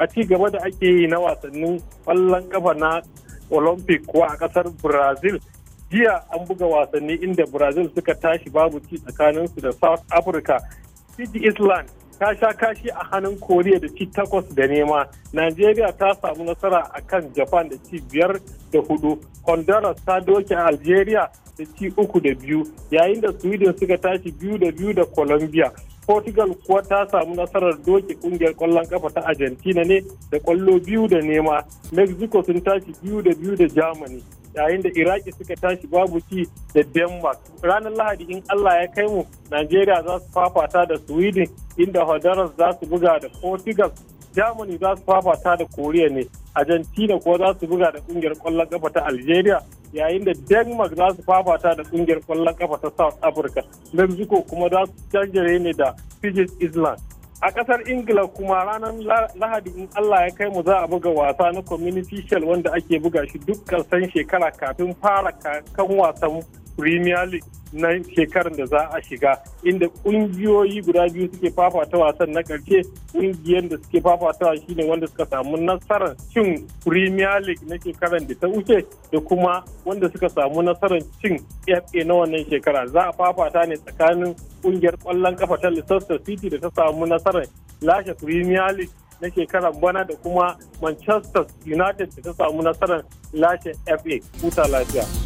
a ci gaba da ake yi na wasannin ƙwallon kafa na olympic kuwa a kasar brazil jiya an buga wasanni inda brazil suka tashi babu ci tsakanin su da south africa fiji island ta sha kashi a hannun koriya da ci takwas da nema nigeria ta samu nasara a kan japan da ci biyar da hudu honduras ta doke algeria da ci uku da biyu yayin da sweden suka tashi biyu da biyu da colombia Portugal kuwa ta samu nasarar doke kungiyar kwallon kafa ta Argentina ne da kwallo biyu da nema. Mexico sun tashi biyu da biyu da Germany. yayin da Iraki suka tashi babu ci da Denmark. Ranar Lahadi in Allah ya kai mu, Najeriya za su fafata da Sweden inda Honduras za su buga da Portugal. Germany za su fafata da korea ne. Argentina kuwa za su buga da kungiyar kwallon kafa ta Algeria yayin da denmark za su fafata da kungiyar kwallon kafa ta south africa mexico kuma za su jajjere ne da fijis island a kasar ingila kuma ranar lahadi in allah ya kai mu za a buga wasa na community shell wanda ake buga shi duk karshen shekara kafin fara kan wasan premier league na shekarar da za a shiga inda kungiyoyi guda biyu suke fafata wasan na karshe kungiyar da suke fafatawa shine wanda suka samu nasarar cin premier league na shekarar da ta wuce da kuma wanda suka samu nasarar cin fa na wannan shekara za a fafata ne tsakanin kungiyar kwallon kafa ta leicester city da ta samu nasarar lashe premier league na shekarar bana da kuma manchester united da ta samu nasarar lashe fa huta lafiya